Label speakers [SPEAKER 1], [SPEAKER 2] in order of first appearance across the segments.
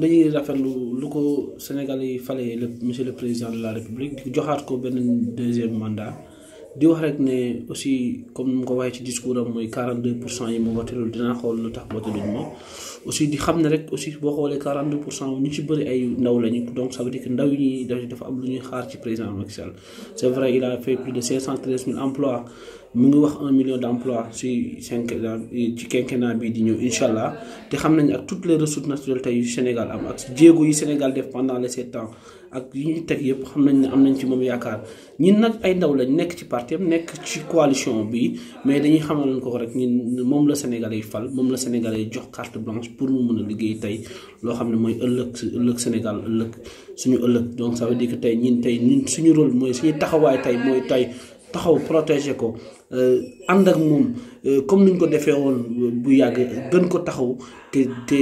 [SPEAKER 1] dañuy rafetlu lu ko Sénégal yi fale le monsieur le président de la république joxaat ko benn deuxième mandat di wax rek ne aussi comme mu ko waxee ci discours am mooy 42 pour cent yi mu votelul dinaa xool lu tax voteluñ ma aussi di xam ne rek aussi boo xoolee 42 pour cent ñu ci bëri ay ndaw lañu donc ça veut dire que ndaw yi dafa am lu ñuy xaar ci président Macky Sall c'est vrai il a fait plus de emplois mu ngi wax un million d' emploi ci cinq ci quinquennat bii di ñëw incha allah te xam nañ ak toutes les ressources naturelles tey yu Sénégal am ak jéego yi Sénégal def pendant le set ans ak yi ñu teg yëpp xam nañ ne am nañ ci moom yaakaar ñun nag ay ndaw lañ nekk ci parti am nekk ci bi mais dañuy xamal leen ko rek ñun moom la sénégal yi fal moom la sénégal yi jox carte blanche pour mu mën a liggéey tey loo xam ne mooy ëllëg ëllëg Sénégal ëllëg suñu ëllëg donc ça veut dire tey ñun tey ñun suñu rôle mooy suñu taxawaay tey mooy tey taxaw protégé ko euh, ànd ak moom euh, comme ni ñu ko defee woon euh, bu yàgg gën ko taxaw te te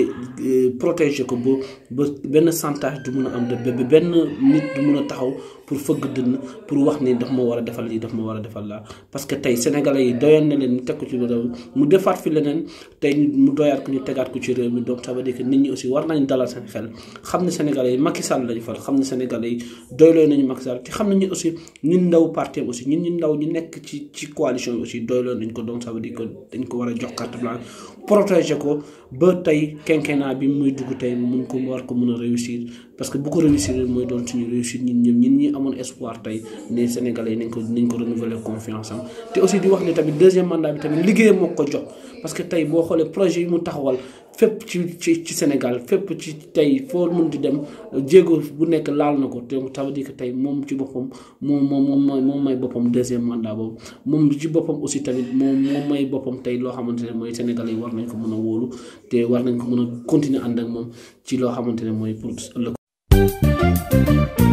[SPEAKER 1] protéger ko ba ba benn chantage du mun a am de ba benn nit du mun a taxaw pour fëgg dënn pour wax ni daf ma war a defal lii daf ma war a defal laa. parce que tey sénégalais yi doyoon na leen ñu ci réew mu defaat fi leneen tey mu doyaat ko ñu tegaat ko ci réew mi donc ça veut dire nit ñi aussi war nañ dalal seen xel xam ne sénégalais yi Macky lañu fal xam ne sénégalais yi doyloo nañu Macky Sall te xam nañu aussi ñun ndaw parti aussi ndaw ñi nekk ci ci coalition bi aussi doyloon dañ ko doon ça veut dire dañ ko war a jox carte blanche protéger ko ba tey quinquennat bi muy dugg tey mun ko war ko mun a réussir parce que bu ko réussir mooy doon suñu réussir ñun ñoom ñi amoon espoir tey ne Sénégalais yi nañ ko nañ ko renouveler confiance am te aussi di wax ne tamit deuxième mandat bi tamit liggéeyam moo ko jox parce que tey boo xoolee projet yi mu taxawal fépp ci ci ci Sénégal fépp ci tey foo mun di dem jéego bu nekk laal na ko te ça veut tey moom ci boppam moom moom moom may boppam deuxième mandat boobu moom ci boppam aussi tamit moom moom may boppam tey loo xamante ne mooy Sénégal war nañ ko mën a wóolu te war nañ ko mën a continuer ànd ak moom ci loo xamante ne mooy pour ëllëg